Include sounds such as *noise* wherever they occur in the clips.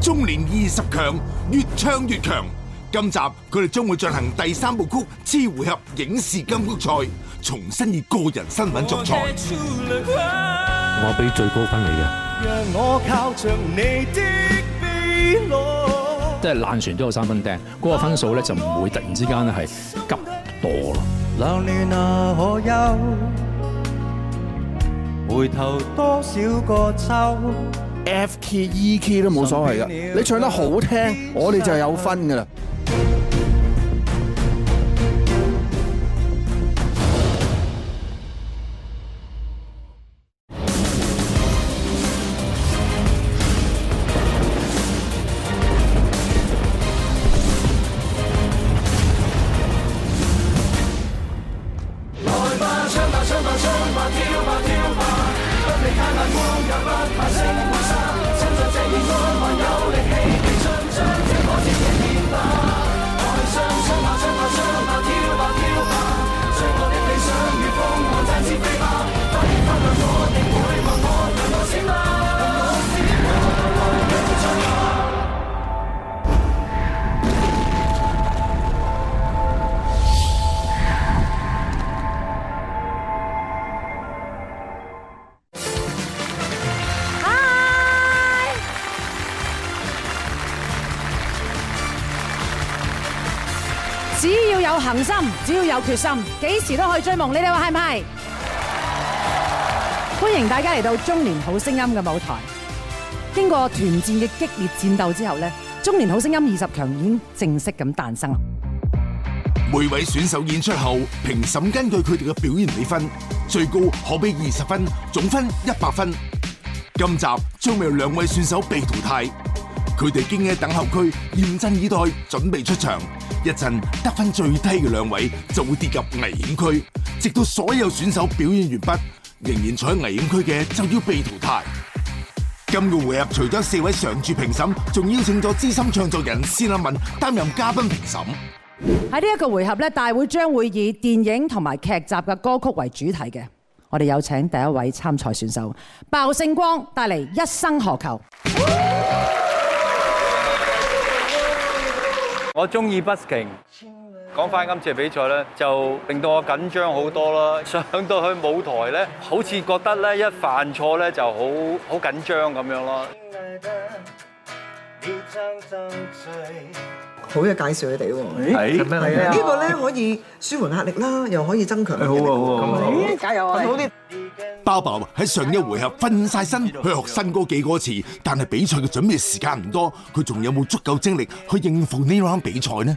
中年二十強越唱越強，今集佢哋將會進行第三部曲之回合影視金曲賽，重新以個人身份作賽。我俾最高分你嘅，讓我靠着你，即係爛船都有三分釘，嗰個分數咧就唔會突然之間咧係急墮咯。回頭多少個秋。F key、E key 都冇所謂㗎，你唱得好聽，我哋就有分㗎啦。決心幾時都可以追夢，你哋話係唔係？歡迎大家嚟到中年好聲音嘅舞台。經過團戰嘅激烈戰鬥之後呢，中年好聲音二十強已經正式咁誕生啦。每位選手演出後，評審根據佢哋嘅表現俾分，最高可俾二十分，總分一百分。今集將會有兩位選手被淘汰。佢哋經喺等候區嚴陣以待，準備出場。一陣得分最低嘅兩位就會跌入危險區，直到所有選手表演完畢，仍然坐喺危險區嘅就要被淘汰。今個回合除咗四位常駐評審，仲邀請咗資深唱作人謝立文擔任嘉賓評審。喺呢一個回合呢，大會將會以電影同埋劇集嘅歌曲為主題嘅。我哋有請第一位參賽選手鮑聖光帶嚟《一生何求》。我中意 Busking。講翻今次嘅比賽咧，就令到我緊張好多啦。上到去舞台咧，好似覺得咧一犯錯咧就好好緊張咁樣咯。好嘅介紹你哋喎，係咩？呢、呢個咧可以舒緩壓力啦， *laughs* 又可以增強。好喎好喎，咁加油啊！好啲，包爸喺上一回合分晒身去學新歌記歌詞，但係比賽嘅準備時間唔多，佢仲有冇足夠精力去應付呢 round 比賽呢？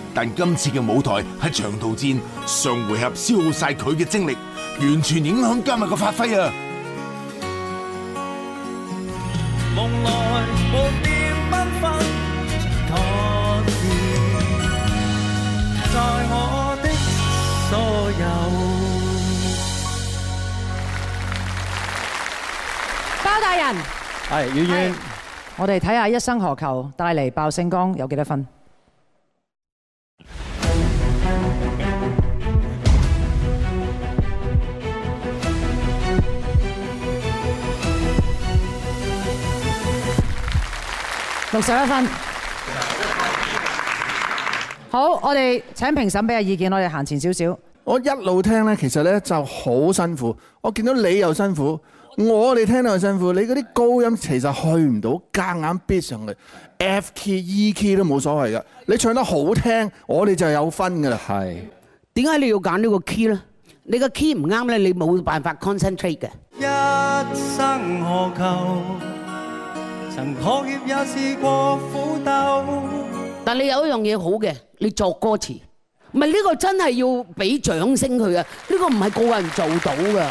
但今次嘅舞台喺長途戰，上回合消耗曬佢嘅精力，完全影響今日嘅發揮啊！夢內無邊繽紛，可是在我的所有。包大人，係，遠遠，我哋睇下《一生何求》帶嚟鮑聖光有幾多分？六十一分，好，我哋請評審俾下意見，我哋行前少少。我一路聽咧，其實咧就好辛苦，我見到你又辛苦，我哋聽到又辛苦。你嗰啲高音其實去唔到，夾硬逼上嚟，F key E key 都冇所謂噶。你唱得好聽，我哋就有分噶啦。係。點解你要揀呢個 key 咧？你個 key 唔啱咧，你冇辦法 concentrate 嘅。一生何求。曾妥協有試過苦鬥，但你有一樣嘢好嘅，你作歌詞唔係，呢個真係要俾掌聲佢啊！呢、這個唔係個人做到噶。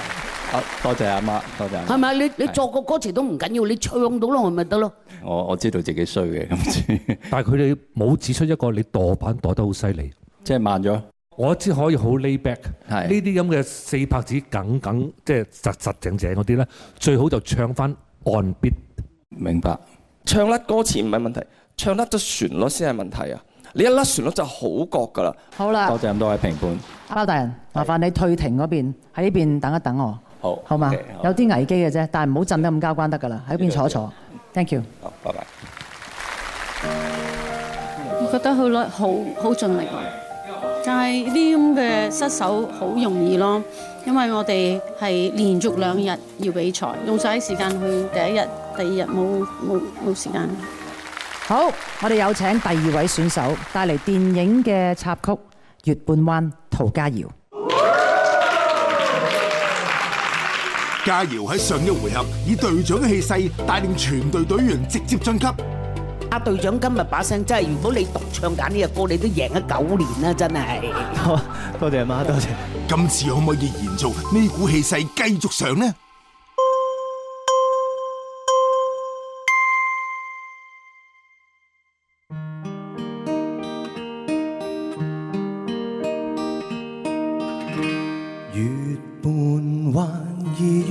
啊，多謝阿媽，多謝媽媽。係咪你你作個歌詞都唔緊要緊，你唱到咯，咪得咯。我我知道自己衰嘅咁， *laughs* 但係佢哋冇指出一個你墮板墮得好犀利，即係慢咗。我只可以好 lay back 係呢啲咁嘅四拍子，梗梗即係實實正正嗰啲咧，最好就唱翻 on beat。明白，唱甩歌詞唔係問題，唱甩咗旋律先係問題啊！你一甩旋律就好覺㗎啦。好啦，多謝咁多位評判。包大人，麻煩你退庭嗰邊喺呢邊等一等我。好，好嘛，有啲危機嘅啫，但係唔好浸得咁交關得㗎啦。喺邊坐一坐，thank you。謝謝。好，拜拜。我覺得佢攞好好盡力㗎，但係呢啲咁嘅失手好容易咯，因為我哋係連續兩日要比賽，用晒啲時間去第一日。第二日冇冇冇時間。好，我哋有請第二位選手帶嚟電影嘅插曲《月半彎》，涂家堯。家堯喺上一回合以隊長嘅氣勢帶領全隊隊員直接晉級。阿隊長今日把聲真係，如果你獨唱揀呢隻歌，你都贏咗九年啦，真係。好，多謝阿媽，多謝。今次可唔可以延續呢股氣勢繼續上呢？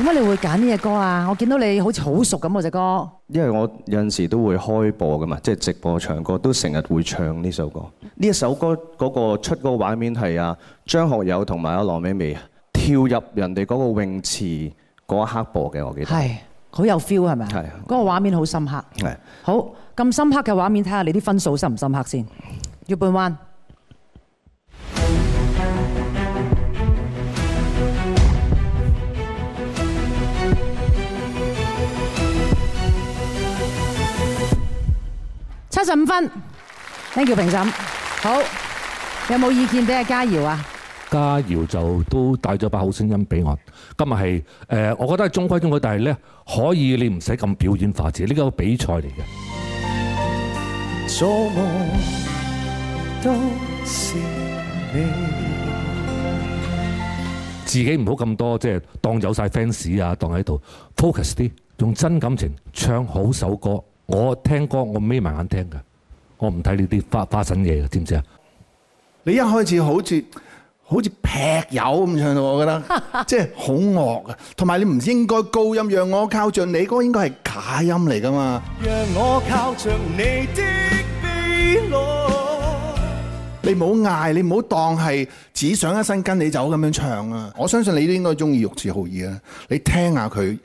點解你會揀呢隻歌啊？我見到你好似好熟咁嗰隻歌。因為我有陣時都會開播㗎嘛，即係直播唱歌都成日會唱呢首歌。呢一首歌嗰個出個畫面係啊張學友同埋阿羅美薇跳入人哋嗰個泳池嗰一刻播嘅，我記得。係，好有 feel 係咪？係。嗰個畫面好深刻。係。好，咁深刻嘅畫面，睇下你啲分數深唔深刻先。月半彎。七十五分，Thank you，評審，好，有冇意見俾阿嘉瑤啊？嘉瑤就都帶咗把好聲音俾我，今日係誒，我覺得係中規中矩，但係咧可以，你唔使咁表演化者，呢個比賽嚟嘅。做夢都是你自己唔好咁多，即係當有晒 fans 啊，當喺度 focus 啲，用真感情唱好首歌。我聽歌，我眯埋眼聽嘅，我唔睇你啲花花生嘢嘅，知唔知啊？你一開始好似好似劈友咁唱到，我覺得即係好惡嘅，同埋你唔應該高音，讓我靠著你歌應該係假音嚟噶嘛。讓我靠著你，你唔好嗌，你唔好當係只想一生跟你走咁樣唱啊！我相信你都應該中意玉置浩二啦，你聽下佢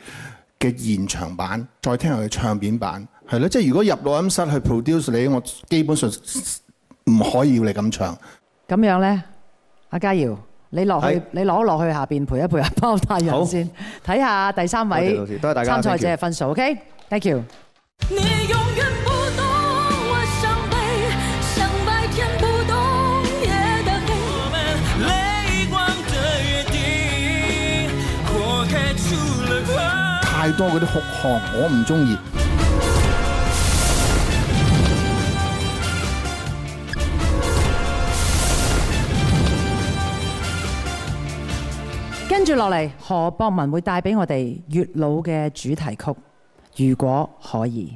嘅現場版，再聽下佢唱片版。係咯，即係如果入錄音室去 produce 你，我基本上唔可以要你咁唱呢。咁樣咧，阿家堯，你落去，你攞落去下邊陪一陪阿包大人先，睇下第三位謝謝大家，參賽者分數。OK，thank you。太多嗰啲哭腔，我唔中意。跟住落嚟，何博文會帶俾我哋《越老嘅主題曲》，如果可以。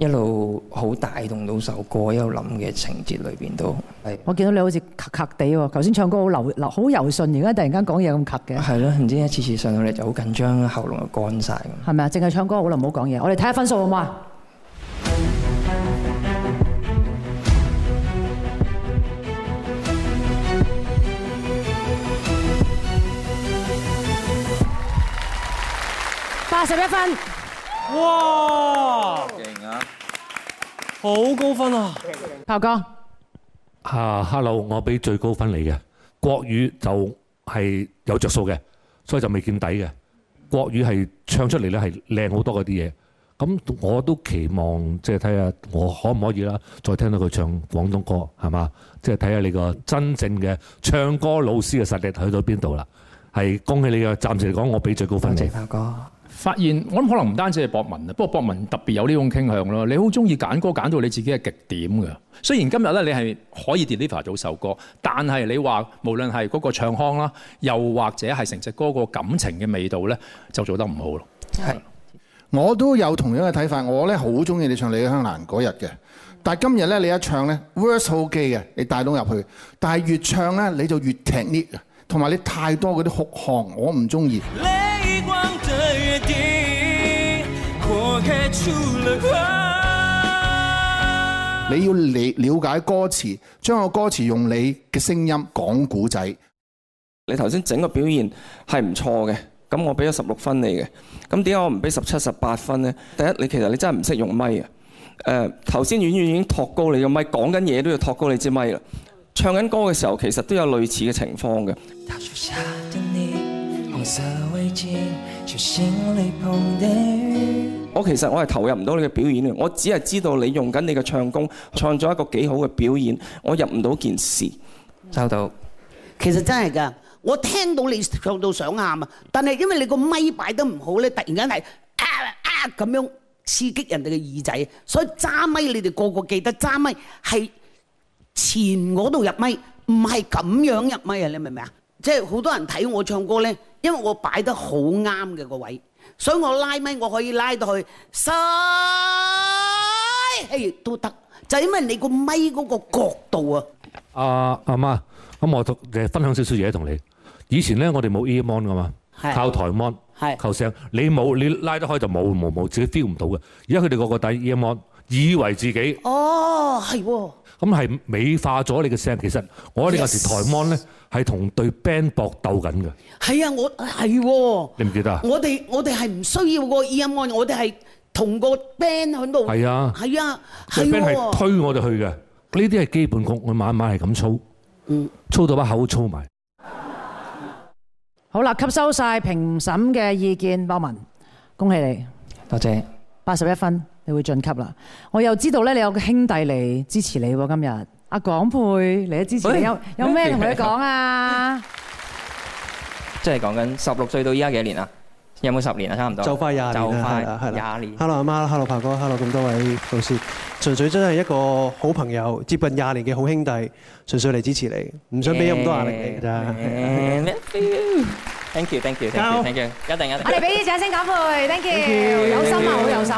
一路好帶動到首歌，一路諗嘅情節裏邊都係。我見到你好似咳咳地喎，頭先唱歌好流流好柔順，而家突然間講嘢咁咳嘅。係咯，唔知一次次上到嚟就好緊張，喉嚨又乾晒咁。係咪啊？淨係唱歌好啦，唔好講嘢。我哋睇下分數好唔好啊？八十一分。哇！好高分啊，炮哥！啊，Hello，我俾最高分你嘅國語就係有着數嘅，所以就未見底嘅。國語係唱出嚟咧係靚好多嗰啲嘢，咁我都期望即係睇下我可唔可以啦，再聽到佢唱廣東歌係嘛，即係睇下你個真正嘅唱歌老師嘅實力去到邊度啦。係恭喜你嘅，暫時嚟講我俾最高分你。恭喜炮哥。發現我諗，可能唔單止係博文啊，不過博文特別有呢種傾向咯。你好中意揀歌揀到你自己嘅極點㗎。雖然今日咧你係可以 deliver 到首歌，但係你話無論係嗰個唱腔啦，又或者係成隻歌個感情嘅味道咧，就做得唔好咯。係，我都有同樣嘅睇法。我咧好中意你唱李香蘭嗰日嘅，但係今日咧你一唱咧 verse 好 gay 嘅，你帶到入去，但係越唱咧你就越踢 lift 同埋你太多嗰啲哭腔我唔中意。你要理了解歌詞，將個歌詞用你嘅聲音講古仔。你頭先整個表現係唔錯嘅，咁我俾咗十六分你嘅。咁點解我唔俾十七、十八分呢？第一，你其實你真係唔識用咪啊！誒，頭先演員已經托高你個咪，講緊嘢都要托高你支咪啦。唱緊歌嘅時候，其實都有類似嘅情況嘅。嗯我其實我係投入唔到你嘅表演嘅，我只係知道你用緊你嘅唱功，創造一個幾好嘅表演。我入唔到件事。收到。其實真係㗎，我聽到你唱到想喊啊！但係因為你個咪擺得唔好咧，突然間係啊啊咁、啊、樣刺激人哋嘅耳仔，所以揸咪，你哋個個記得揸咪，係前嗰度入咪，唔係咁樣入咪啊！你明唔明啊？即係好多人睇我唱歌咧。因為我擺得好啱嘅個位，所以我拉咪我可以拉到去細氣都得，就係因為你個咪嗰個角度啊。阿、啊、阿媽，咁我同誒分享少少嘢同你。以前咧，我哋冇 earmon 嘅嘛，靠台 mon，靠聲。你冇你拉得開就冇冇冇，自己 feel 唔到嘅。而家佢哋個個戴 earmon，以為自己哦，係喎，咁係美化咗你嘅聲。其實我哋有時、yes. 台 mon 咧。係同對 band 搏鬥緊嘅。係啊，我係。係啊、你唔記得唔係啊，係啊？我哋我哋係唔需要個耳音案，我哋係同個 band 去度。係啊。係啊。係。個 band 係推我哋去嘅。呢啲係基本功，我晚晚係咁操。操操嗯。操到把口操埋。好啦，吸收晒評審嘅意見，博文，恭喜你。多謝。八十一分，你會晉級啦。我又知道咧，你有個兄弟嚟支持你喎，今日。阿港佩，嚟咗支持，有有咩同佢講啊？即係講緊十六歲到依家幾年啊？有冇十年啊？差唔多就快廿年啦，係啦，係啦。哈囉，阿媽，哈囉，鵬哥，哈囉，咁多位老師，純粹真係一個好朋友，接近廿年嘅好兄弟，純粹嚟支持你，唔想俾咁多壓力你啫。Thank you，thank you，thank you，thank you，一定一定。我哋俾啲掌聲，港佩，thank you，有心啊，好有心。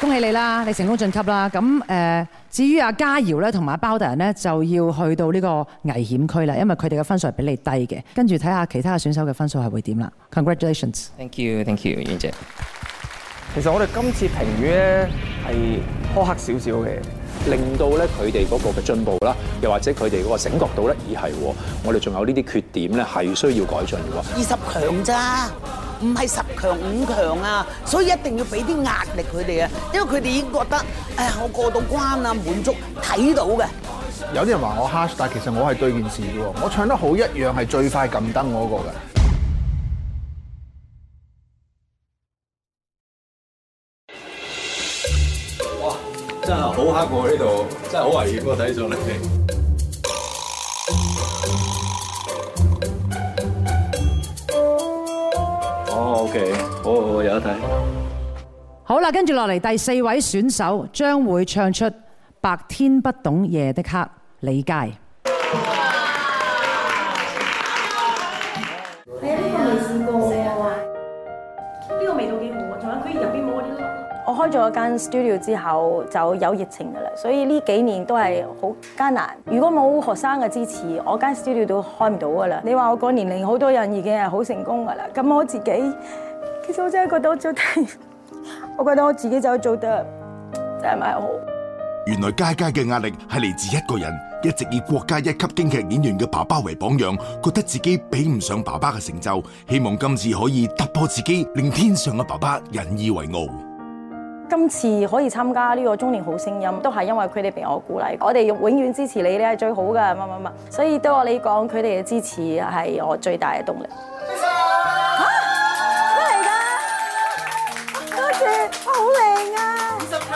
恭喜你啦，你成功晉級啦。咁誒。至於阿嘉瑤咧，同埋包大人咧，就要去到呢個危險區啦，因為佢哋嘅分數係比你低嘅，跟住睇下其他嘅選手嘅分數係會點啦。Congratulations！Thank you，thank you，袁姐。其實我哋今次評語咧係苛刻少少嘅。令到咧佢哋嗰個嘅進步啦，又或者佢哋嗰個醒覺度咧，而係我哋仲有呢啲缺點咧，係需要改進嘅。二十強咋，唔係十強五強啊，所以一定要俾啲壓力佢哋啊，因為佢哋已經覺得，哎呀，我過到關啊，滿足睇到嘅。有啲人話我 harsh，但係其實我係對件事嘅，我唱得好一樣係最快撳燈嗰個嘅。真係好黑喎呢度，真係好危險我睇上嚟，哦、oh,，OK，, oh, okay. 好，有得睇。好啦，跟住落嚟第四位選手將會唱出《白天不懂夜的黑》，李佳。我開咗間 studio 之後就有疫情噶啦，所以呢幾年都係好艱難。如果冇學生嘅支持，我間 studio 都開唔到噶啦。你話我個年齡，好多人已經係好成功噶啦，咁我自己，其實我真係覺得我做得，我覺得我自己就做得真係唔係好。原來佳佳嘅壓力係嚟自一個人，一直以國家一級京劇演員嘅爸爸為榜樣，覺得自己比唔上爸爸嘅成就，希望今次可以突破自己，令天上嘅爸爸引以為傲。今次可以參加呢個中年好聲音，都係因為佢哋俾我鼓勵，我哋永永遠支持你，你係最好嘅乜乜乜，所以對我嚟講佢哋嘅支持係我最大嘅動力的。多謝嚇，咩嚟㗎？多謝，哇，好靚啊！五十題，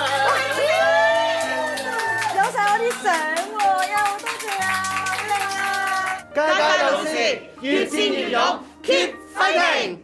很啊、有晒我啲相喎，又多謝啊，靚啊！嘉嘉老師，越戰越勇，keep fighting！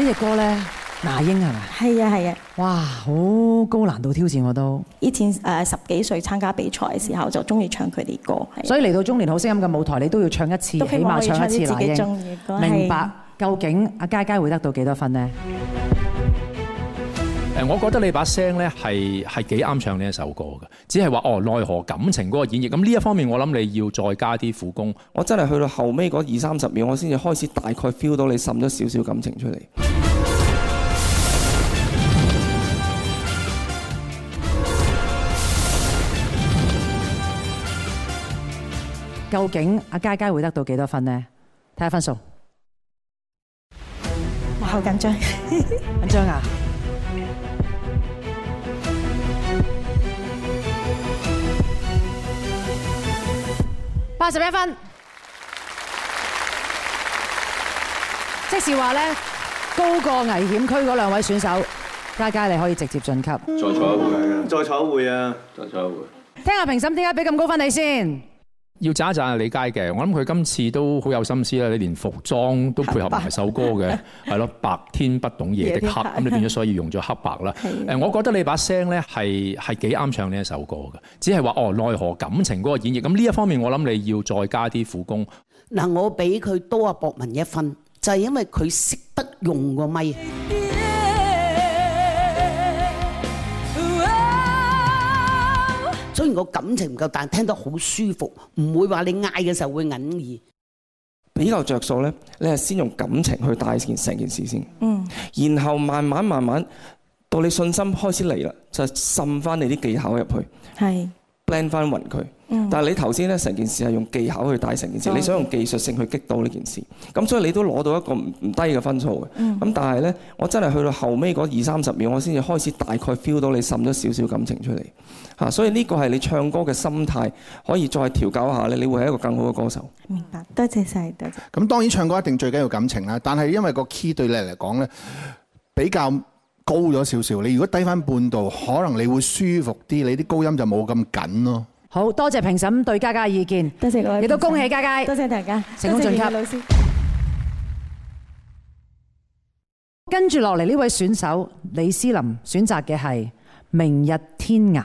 呢隻歌呢，那英係咪？係啊，係啊！是哇，好高難度挑戰我都。以前誒十幾歲參加比賽嘅時候就中意唱佢啲歌，所以嚟到中年好聲音嘅舞台，你都要唱一次，都希望起碼唱一次那英自己。明白，究竟阿佳佳會得到幾多分呢？我覺得你把聲咧係係幾啱唱呢一首歌嘅，只係話哦奈何感情嗰個演繹，咁呢一方面我諗你要再加啲苦工。我真係去到後尾嗰二三十秒，我先至開始大概 feel 到你滲咗少少感情出嚟。究竟阿佳佳會得到幾多分呢？睇下分數。我好緊張，緊張啊！八十一分即使，即是話咧高過危險區嗰兩位選手，佳佳你可以直接晉級。再坐一會，再坐一會啊！再坐一會。聽下評審點解俾咁高分你先。要讚一讚啊李佳嘅，我諗佢今次都好有心思啦！你連服裝都配合埋首歌嘅，係咯， *laughs* 白天不懂夜的黑，咁 *laughs* 你變咗所以用咗黑白啦。誒，我覺得你把聲咧係係幾啱唱呢一首歌嘅，只係話哦奈何感情嗰個演繹，咁呢一方面我諗你要再加啲苦工。嗱，我比佢多阿博文一分，就係、是、因為佢識得用個咪。個感情唔夠，但係聽得好舒服，唔會話你嗌嘅時候會黯然。比較着數呢，你係先用感情去帶件成件事先，嗯，然後慢慢慢慢到你信心開始嚟啦，就滲翻你啲技巧入去，係。翻混佢，但係你頭先咧成件事係用技巧去帶成件事、嗯，你想用技術性去擊倒呢件事，咁所以你都攞到一個唔唔低嘅分數嘅，咁、嗯、但係呢，我真係去到後尾嗰二三十秒，我先至開始大概 feel 到你滲咗少少感情出嚟，嚇！所以呢個係你唱歌嘅心態可以再調教一下你，你會係一個更好嘅歌手。明白，多謝晒，多謝，謝。咁當然唱歌一定最緊要感情啦，但係因為個 key 對你嚟講呢，比較高咗少少，你如果低翻半度，可能你會舒服啲，你啲高音就冇咁緊咯。好多謝評審對佳佳嘅意見，亦多謝各位評審，都恭喜佳佳，多謝，謝大家，成功晉級。跟住落嚟呢位選手李思林選擇嘅係《明日天涯》。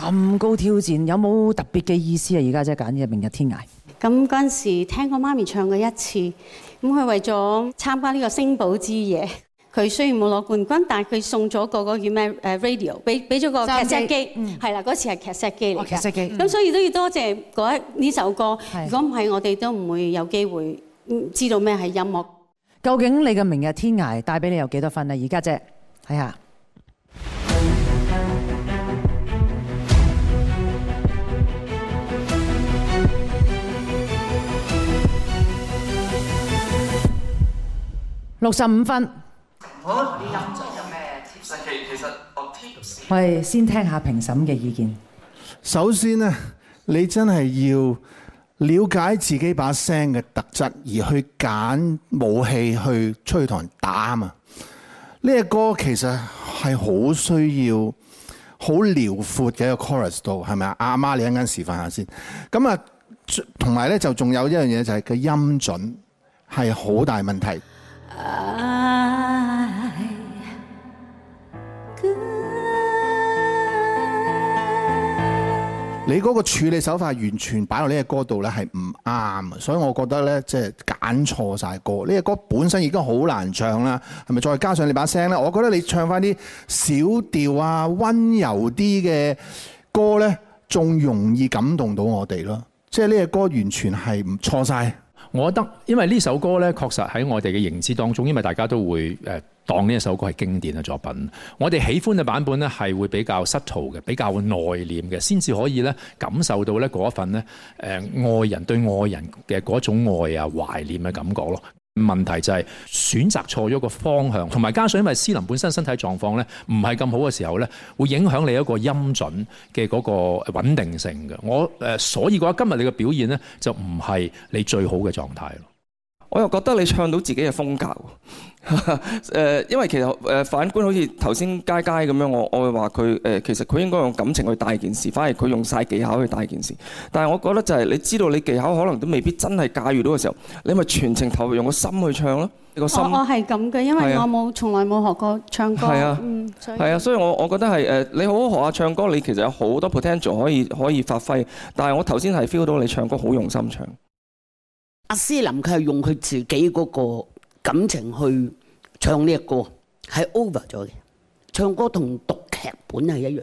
咁高挑戰，有冇特別嘅意思啊？而家即係揀嘅《明日天涯》。咁嗰陣時聽過媽咪唱過一次，咁佢為咗參加呢個星寶之夜，佢雖然冇攞冠軍，但係佢送咗個個叫咩誒 radio，俾俾咗個劇集機，係啦，嗰次係劇集機嚟。劇集機。咁所以都要多謝一呢首歌，如果唔係，我哋都唔會有機會知道咩係音樂。究竟你嘅《明日天涯》帶俾你有幾多分啊？而家即係睇下。看看。六十五分。唔好你音準有咩？其實我哋先聽下評審嘅意見。首先呢，你真係要了解自己把聲嘅特質，而去揀武器去吹糖打啊！呢、這個歌其實係好需要好遼闊嘅一個 chorus 度，係咪啊？阿媽，你範一陣示範下先。咁啊，同埋咧就仲有一樣嘢，就係、是、個音準係好大問題。你嗰個處理手法完全擺落呢隻歌度呢，係唔啱，所以我覺得呢，即係揀錯晒歌。呢隻歌本身已經好難唱啦，係咪？再加上你把聲呢，我覺得你唱翻啲小調啊，温柔啲嘅歌呢，仲容易感動到我哋咯。即係呢隻歌完全係唔錯晒。我覺得，因為呢首歌咧，確實喺我哋嘅認知當中，因為大家都會誒、呃、當呢首歌係經典嘅作品。我哋喜歡嘅版本咧，係會比較失調嘅，比較內斂嘅，先至可以呢感受到那嗰一份咧呃、愛人對愛人嘅嗰種愛啊、懷念嘅感覺咯。問題就係選擇錯咗個方向，同埋加上因為思林本身身體狀況呢唔係咁好嘅時候呢，會影響你一個音準嘅嗰個穩定性嘅。我誒，所以嘅話今日你嘅表現呢就唔係你最好嘅狀態咯。我又覺得你唱到自己嘅風格 *laughs* 因為其實反觀好似頭先佳佳咁樣，我我會話佢其實佢應該用感情去帶件事，反而佢用晒技巧去帶件事。但係我覺得就係你知道你技巧可能都未必真係駕馭到嘅時候，你咪全程投入用個心去唱咯，個心。我我係咁嘅，因為我冇、啊、從來冇學過唱歌。係啊，啊，所以我我覺得係你好好學下唱歌，你其實有好多 potential 可以可以發揮。但係我頭先係 feel 到你唱歌好用心唱。阿思林佢係用佢自己嗰個感情去唱呢一個，係 over 咗嘅。唱歌同讀劇本係一樣，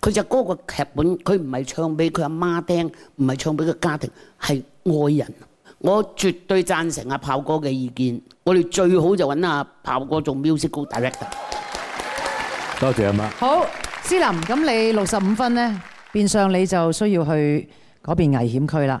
佢隻歌個劇本，佢唔係唱俾佢阿媽聽，唔係唱俾佢家庭，係愛人。我絕對讚成阿炮哥嘅意見，我哋最好就揾阿炮哥做 musical director。多謝阿媽。好，思林，咁你六十五分呢，變相你就需要去嗰邊危險區啦。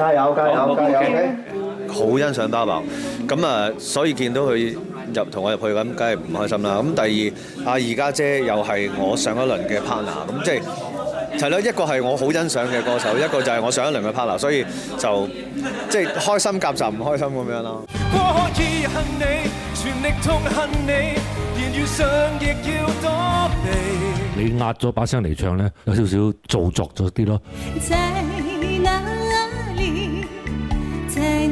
加油！加油！加油！好，油好欣賞包辦，咁啊，所以見到佢入同我入去咁，梗係唔開心啦。咁第二，阿二家姐又係我上一輪嘅 partner，咁即係係咯，一個係我好欣賞嘅歌手，一個就係我上一輪嘅 partner，所以就即係、就係、開心夾雜唔開心咁樣啦。可以恨你，全力痛恨你，言語上亦要躲避你。你壓咗把聲嚟唱咧，有少少做作咗啲咯。 *music*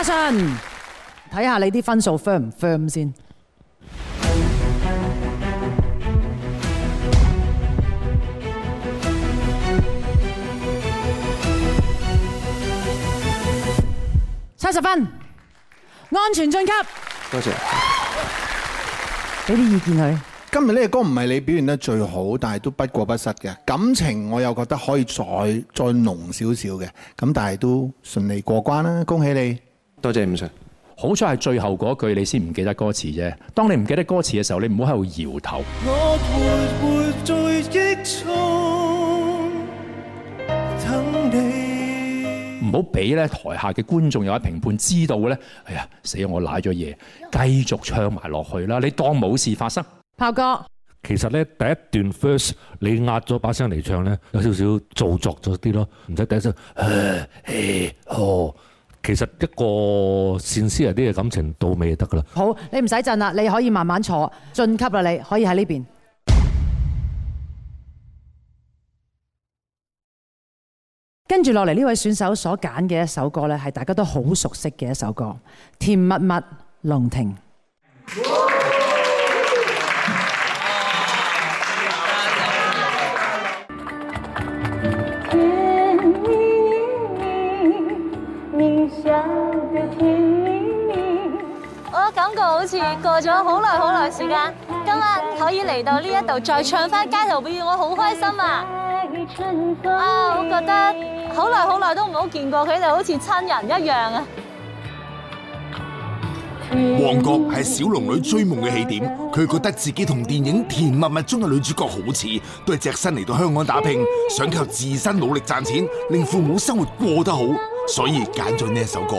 嘉信，睇下你啲分數 firm 唔 firm 先。七十分，安全晉級。多謝。俾啲意見佢。今日呢個歌唔係你表現得最好，但係都不過不失嘅。感情我又覺得可以再再濃少少嘅，咁但係都順利過關啦，恭喜你。多謝五 Sir 好彩係最後嗰句你先唔記得歌詞啫。當你唔記得歌詞嘅時候，你唔好喺度搖頭。我活活在激衝，等你。唔好俾咧台下嘅觀眾又喺評判知道咧。哎呀，死，我瀨咗嘢，繼續唱埋落去啦。你當冇事發生，炮哥。其實咧第一段 first 你壓咗把聲嚟唱咧，有少少做作咗啲咯，唔使第一聲其實一個善思，啊啲嘅感情到尾就得噶啦。好，你唔使震啦，你可以慢慢坐晉級啦，你可以喺呢邊。跟住落嚟呢位選手所揀嘅一首歌呢，係大家都好熟悉嘅一首歌《甜蜜蜜》，龍婷。似過咗好耐好耐時間，今日可以嚟到呢一度再唱翻街頭表演，我好開心啊！啊，我覺得好耐好耐都冇見過佢哋，好似親人一樣啊！旺角係小龍女追夢嘅起點，佢覺得自己同電影《甜蜜蜜》中嘅女主角好似，都係隻身嚟到香港打拼，想靠自身努力賺錢，令父母生活過得好，所以揀咗呢一首歌。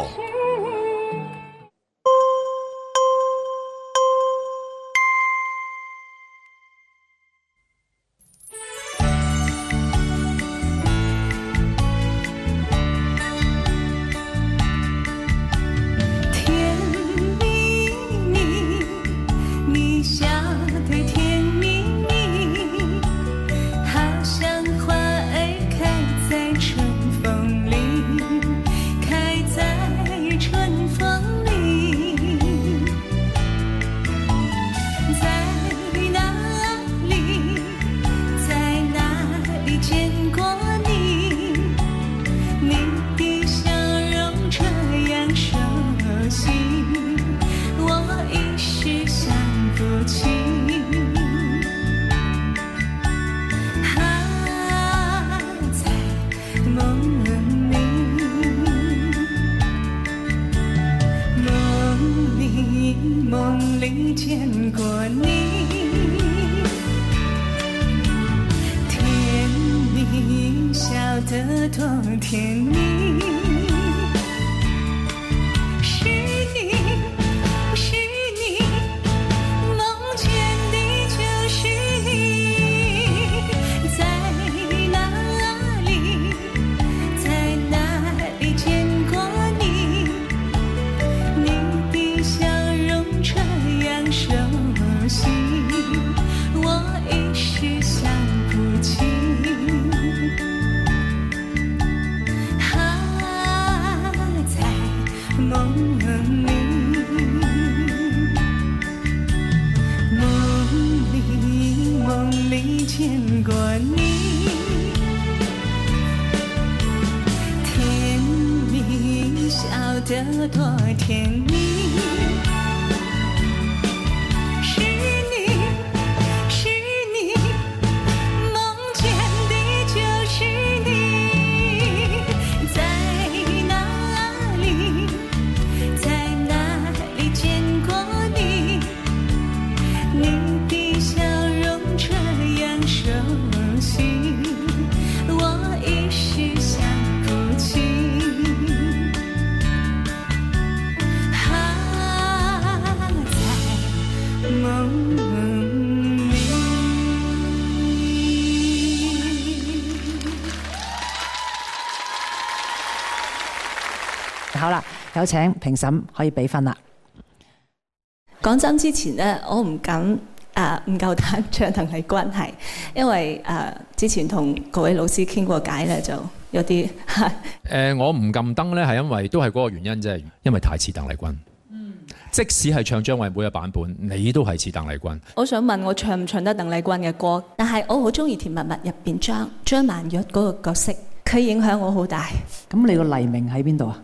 有請評審可以俾分啦。講真，之前呢，我唔敢啊，唔夠膽唱鄧麗君，係，因為啊，之前同各位老師傾過偈咧，就有啲誒 *laughs* 、呃，我唔撳燈咧，係因為都係嗰個原因啫，因為太似鄧麗君。嗯，即使係唱張惠妹嘅版本，你都係似鄧麗君。我想問我唱唔唱得鄧麗君嘅歌？但係我好中意甜蜜蜜入邊張張曼玉嗰個角色。佢影響我好大。咁你個黎明喺邊度啊？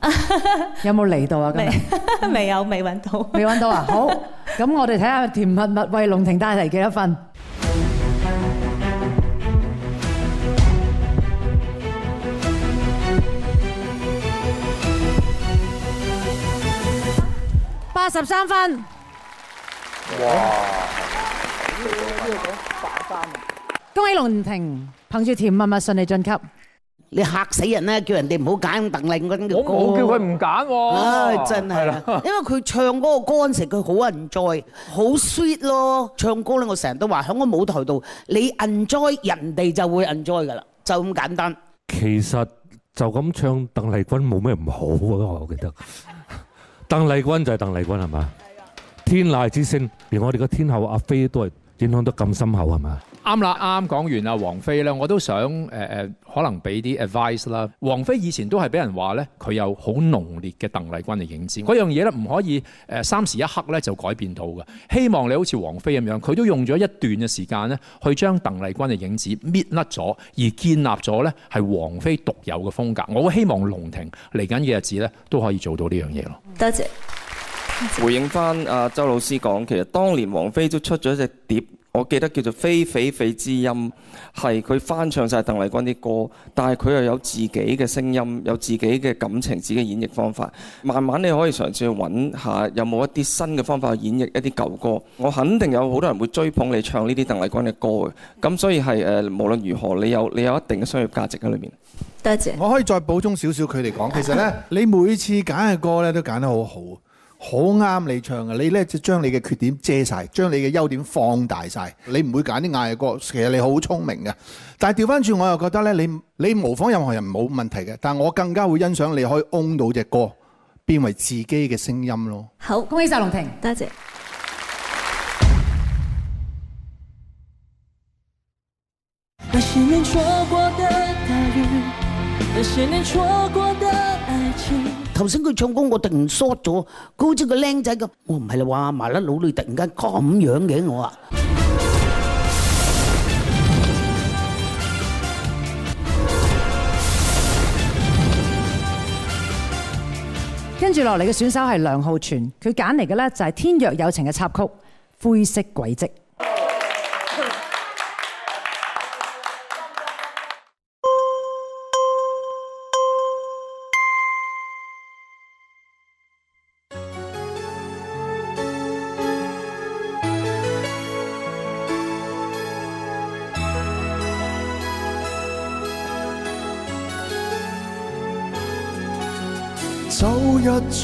有冇嚟到啊？今日未有，未揾到。未揾到啊？好，咁我哋睇下甜蜜蜜為龍婷帶嚟幾多分？八十三分。哇！恭喜龍婷憑住甜蜜蜜順利晉級。你嚇死人啦！叫人哋唔好揀鄧麗君嘅歌，我冇叫佢唔揀喎。唉，真係，因為佢唱嗰個歌嗰陣時，佢好 enjoy，好 sweet 咯。唱歌咧，我成日都話喺個舞台度，你 enjoy，人哋就會 enjoy 㗎啦，就咁簡單。其實就咁唱鄧麗君冇咩唔好啊！我覺得，鄧麗君就係鄧麗君係嘛？係啊。天籟之聲，連我哋個天后阿菲都係影響得咁深厚係嘛？啱啦，啱啱講完阿王菲咧，我都想誒誒、呃，可能俾啲 advice 啦。王菲以前都係俾人話咧，佢有好濃烈嘅鄧麗君嘅影子。嗰、嗯、樣嘢咧唔可以誒、呃、三時一刻咧就改變到嘅。希望你好似王菲咁樣，佢都用咗一段嘅時間咧，去將鄧麗君嘅影子搣甩咗，而建立咗咧係王菲獨有嘅風格。我好希望龍婷嚟緊嘅日子咧都可以做到呢樣嘢咯。多、嗯、謝，謝。回應翻阿周老師講，其實當年王菲都出咗一隻碟。我記得叫做《非非非之音》，係佢翻唱晒鄧麗君啲歌，但係佢又有自己嘅聲音，有自己嘅感情，自己嘅演繹方法。慢慢你可以嘗試去揾下，有冇一啲新嘅方法去演繹一啲舊歌。我肯定有好多人會追捧你唱呢啲鄧麗君嘅歌嘅，咁所以係誒，無論如何，你有你有一定嘅商業價值喺裏面。多謝，謝。我可以再補充少少佢哋講。其實呢，你每次揀嘅歌呢都揀得好好。好啱你唱啊！你呢就將你嘅缺點遮晒，將你嘅優點放大晒。你唔會揀啲嗌嘅歌，其實你好聰明嘅。但係調翻轉，我又覺得呢，你你模仿任何人冇問題嘅。但係我更加會欣賞你可以 on 到隻歌，變為自己嘅聲音咯。好，恭喜晒龍婷，多謝，謝。 *music* 頭先佢唱歌，我突然 short 咗，佢好似個靚仔咁。我唔係啦，話麻甩佬你，突然間咁樣嘅我啊。跟住落嚟嘅選手係梁浩銓，佢揀嚟嘅咧就係《天若有情》嘅插曲《灰色軌跡》。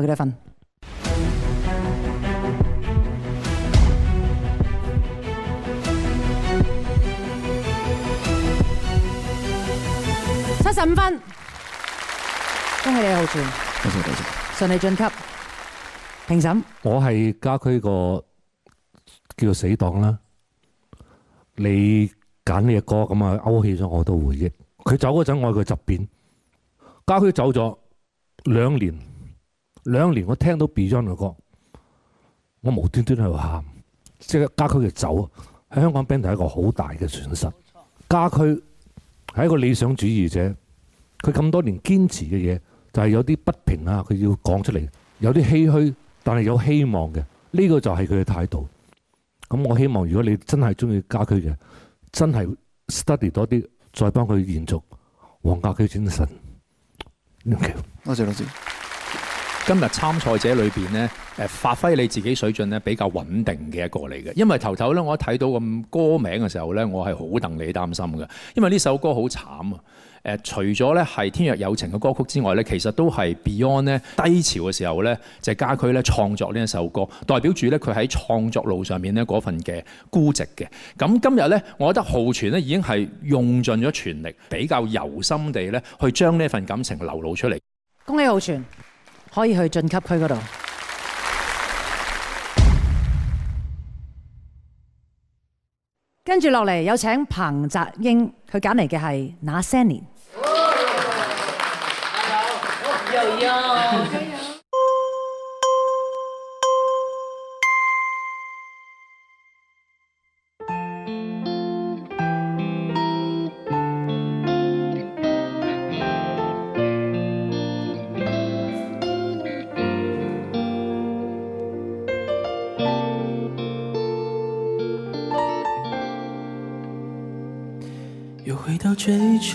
七十五分，恭喜你浩銓，恭喜你。多謝多謝，順利晉級。評審。我係家駒個叫做死黨啦，你揀呢隻歌咁啊，勾起咗我啲回憶。佢走嗰陣，我係佢側邊，家駒走咗兩年。兩年我聽到 Beyond 嘅歌，我無端端喺度喊。即係家駒嘅走喺香港，band 係一個好大嘅損失。家駒係一個理想主義者，佢咁多年堅持嘅嘢，就係、是、有啲不平啊，佢要講出嚟，有啲唏噓，但係有希望嘅。呢、這個就係佢嘅態度。咁我希望如果你真係中意家駒嘅，真係 study 多啲，再幫佢延續黃家駒精神。Thank you，多謝老師。謝謝。今日參賽者裏邊咧，誒發揮你自己水準咧比較穩定嘅一個嚟嘅，因為頭頭咧我睇到個歌名嘅時候咧，我係好戥你擔心嘅，因為呢首歌好慘啊！誒，除咗咧係天若有情嘅歌曲之外咧，其實都係 Beyond 咧低潮嘅時候咧，謝、就係、家駒咧創作呢一首歌，代表住咧佢喺創作路上面咧嗰份嘅孤寂嘅。咁今日咧，我覺得浩銓咧已經係用盡咗全力，比較由心地咧去將呢份感情流露出嚟。恭喜浩銓！可以去晉級區嗰度。跟住落嚟有請彭澤英，佢揀嚟嘅係那些年。 *music* *music* *music* *music*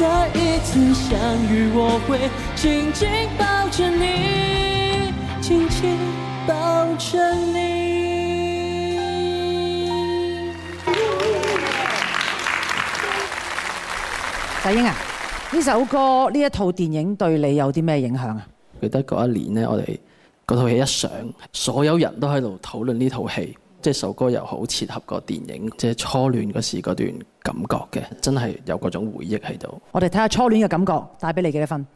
再一次相遇，我會緊緊抱着你，緊緊抱着你。大英啊，呢首歌呢一套電影對你有啲咩影響啊？記得嗰一年咧，我哋嗰套戲一上，所有人都喺度討論呢套戲。即首歌又好切合個電影，即係初戀嗰時嗰段感覺嘅，真係有嗰種回憶喺度。我哋睇下初戀嘅感覺帶俾你幾多分？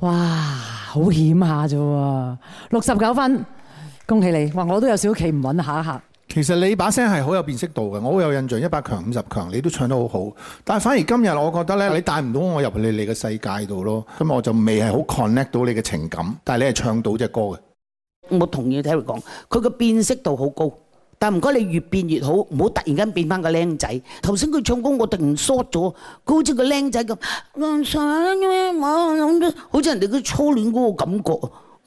哇，好險下啫，六十九分，恭喜你！哇，我都有啲企唔穩，下一吓。其實你把聲係好有辨識度嘅，我好有印象，一百強、五十強，你都唱得好好。但係反而今日，我覺得咧，你帶唔到我入去你嘅世界度咯。咁、嗯、我就未係好 connect 到你嘅情感，但係你係唱到隻歌嘅。我同意聽佢講，佢個辨識度好高，但唔該你越變越好，唔好突然間變翻個靚仔。頭先佢唱歌，我突然疏咗，佢好似個靚仔咁。我諗都好似人哋嘅初戀嗰個感覺。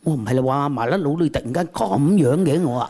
我唔係話麻甩佬你突然間咁樣嘅我啊。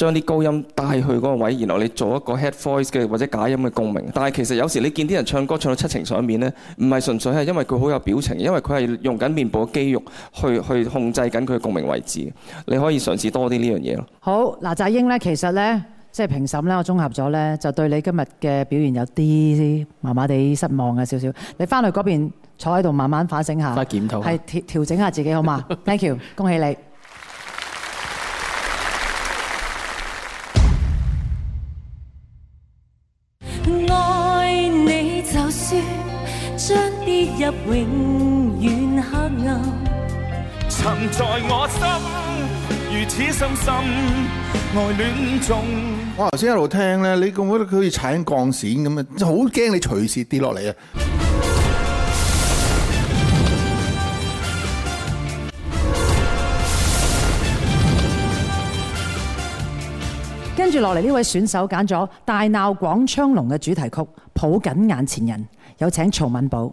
將啲高音帶去嗰個位，然後你做一個 head voice 嘅或者假音嘅共鳴。但係其實有時你見啲人唱歌唱到七情上面咧，唔係純粹係因為佢好有表情，因為佢係用緊面部嘅肌肉去去控制緊佢嘅共鳴位置。你可以嘗試多啲呢樣嘢咯。好，嗱，澤英咧，其實咧，即係評審咧，我綜合咗咧，就對你今日嘅表現有啲麻麻地失望呀少少。你翻去嗰邊坐喺度慢慢反省下，翻檢討，係調調整下自己好嘛？Thank you，恭喜你。在我心如此深深愛戀中。我頭先一路聽咧，你覺唔覺得佢好似踩緊鋼線咁啊，好驚你隨時跌落嚟啊！跟住落嚟呢位選手揀咗《大鬧廣昌隆》嘅主題曲《抱緊眼前人》，有請曹敏寶。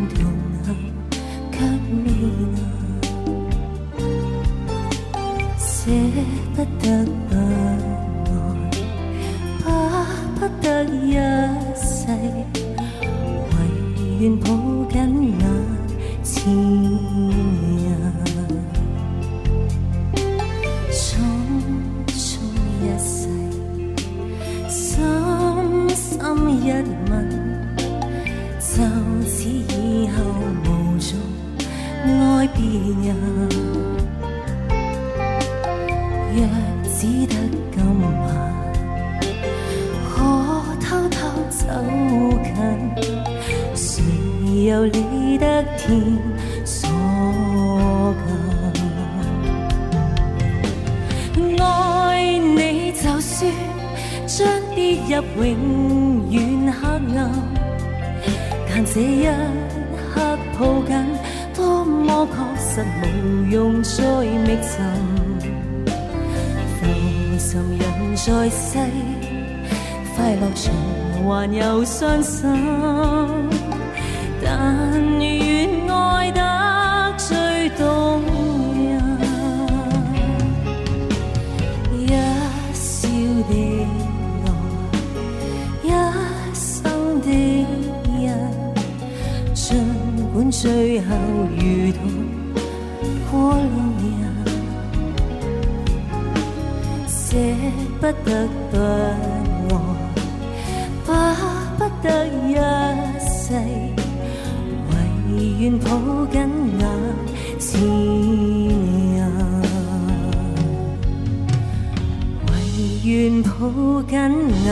好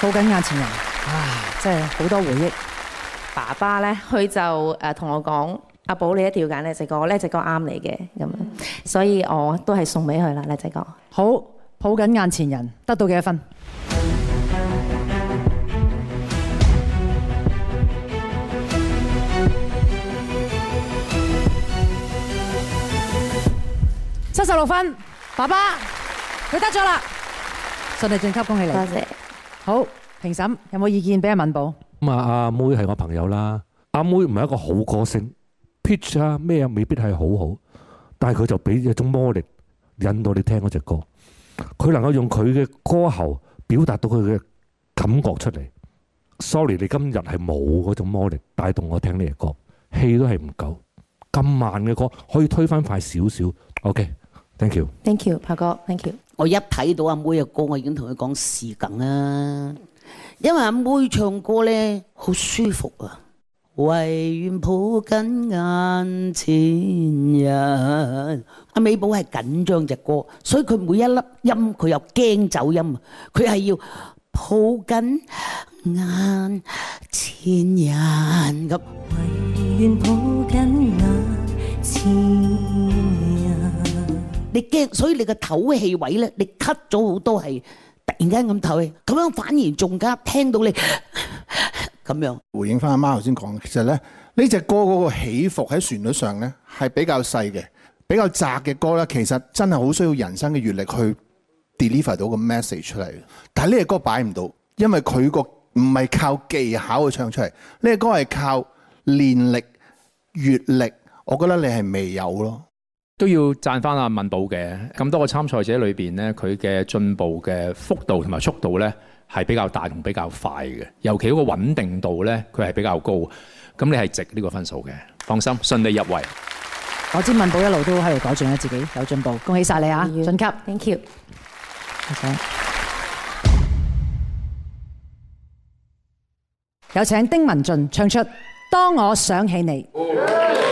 抱緊眼前人，哇，真係好多回憶。爸爸咧，佢就誒同我講：阿寶，你一定要揀呢隻歌，呢隻歌啱你嘅。咁，所以我都係送俾佢啦，呢隻歌。好，抱緊眼前人，得到幾多分？六分，爸爸佢得咗啦，順利晉級，恭喜你。多謝，謝。好，評審有冇意見俾阿敏寶？咁啊，阿妹係我朋友啦。阿妹唔係一個好歌星，pitch 啊咩啊未必係好好，但係佢就俾一種魔力引到你聽嗰隻歌。佢能夠用佢嘅歌喉表達到佢嘅感覺出嚟。Sorry，你今日係冇嗰種魔力帶動我聽呢隻歌，氣都係唔夠。咁慢嘅歌可以推返快少少。OK。Thank you. Thank you，柏哥。Thank you。我一睇到阿妹嘅歌，我已經同佢講事緊啦。因為阿妹唱歌咧好舒服啊。唯願抱緊眼前人。阿敏寶係緊張隻歌，所以佢每一粒音佢又驚走音，佢係要抱緊眼前人。噉唯願抱緊眼前。你驚，所以你個唞氣位咧，你吸咗好多係突然間咁唞氣，咁樣反而仲加聽到你咁 *laughs* 樣。回應翻阿媽頭先講，其實咧呢隻歌嗰個起伏喺旋律上咧係比較細嘅，比較窄嘅歌咧，其實真係好需要人生嘅閲歷去 deliver 到個 message 出嚟。但係呢隻歌擺唔到，因為佢個唔係靠技巧去唱出嚟，呢隻歌係靠練力、閲歷。我覺得你係未有咯。都要讚翻阿敏寶嘅，咁多個參賽者裏邊呢，佢嘅進步嘅幅度同埋速度呢，係比較大同比較快嘅，尤其嗰個穩定度呢，佢係比較高。咁你係值呢個分數嘅，放心順利入圍。我知敏寶一路都喺度改進咗自己有進步，恭喜晒你啊！晉級，Thank you。有請丁文俊唱出《當我想起你》。Oh.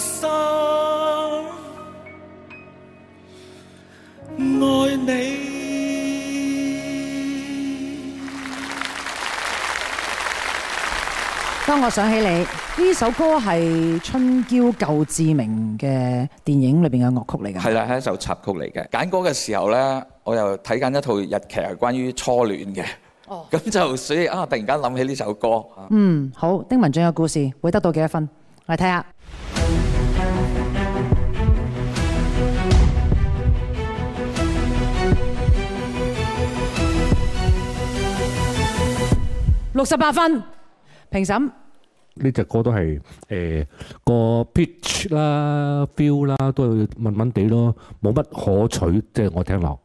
心愛你。當我想起你呢首歌，係春嬌救志明嘅電影裏邊嘅樂曲嚟嘅。係啦，係一首插曲嚟嘅。揀歌嘅時候呢，我又睇緊一套日劇，係關於初戀嘅。哦，咁就所以啊，突然間諗起呢首歌。嗯，好，丁文俊嘅故事會得到幾多分？我嚟睇下。六十八分。評審，呢隻歌都係誒、呃，那個 pitch 啦，feel 啦，都係悶悶地咯，冇乜可取，即係我聽落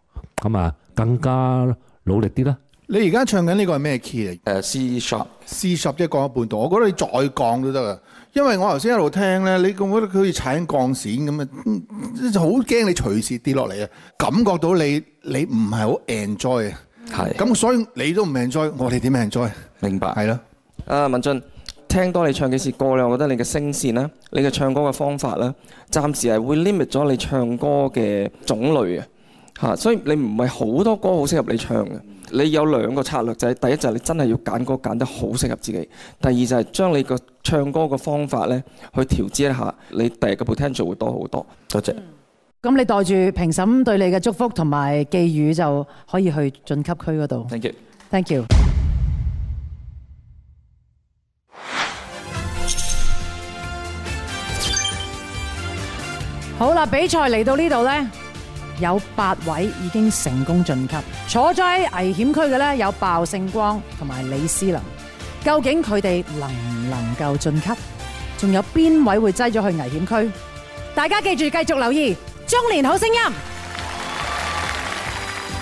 咁啊，更加努力啲啦。你而家唱緊呢個係咩 key 嚟？誒，C sharp，C sharp 即係降一半度，我覺得你再降都得啦。因為我頭先一路聽咧，你覺得佢好似踩緊鋼線咁啊，就好驚你隨時跌落嚟啊！感覺到你你唔係好 enjoy 啊，係。咁所以你都唔 enjoy，我哋點 enjoy？明白。係咯。啊，文俊，聽多你唱幾次歌咧，我覺得你嘅聲線咧，你嘅唱歌嘅方法咧，暫時係會 limit 咗你唱歌嘅種類啊。嚇！所以你唔係好多歌好適合你唱嘅。你有兩個策略，就係第一就係你真係要揀歌揀得好適合自己；第二就係將你個唱歌個方法咧，去調節一下，你第日嘅 potential 會多好多。多謝。咁、嗯、你帶住評審對你嘅祝福同埋寄語，就可以去晉級區嗰度。Thank you。Thank you。好啦，比賽嚟到呢度咧。有八位已經成功晉級，坐咗喺危險區嘅咧有鮑聖光同埋李思林，究竟佢哋能唔能夠晉級？仲有邊位會擠咗去危險區？大家記住，繼續留意《中年好聲音》。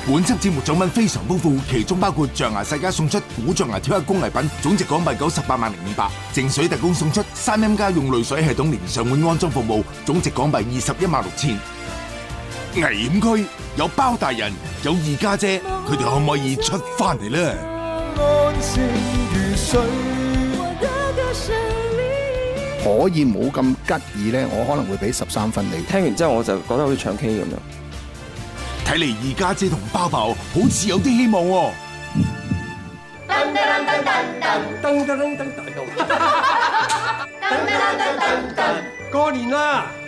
本輯節目獎品非常豐富，其中包括象牙世家送出古象牙雕刻工藝品，總值港幣九十八萬零五百；淨水特供送出三 M 家用濾水系統連上門安裝服務，總值港幣二十一萬六千。危險區有包大人，有二家姐，姐，佢哋可唔可以出翻嚟咧？可以冇咁吉意咧，我可能會俾十三分你。聽完之後我就覺得好似唱 K 咁樣。睇嚟二家姐同包爸好似有啲希望哦。噔噔噔噔噔噔過年啦！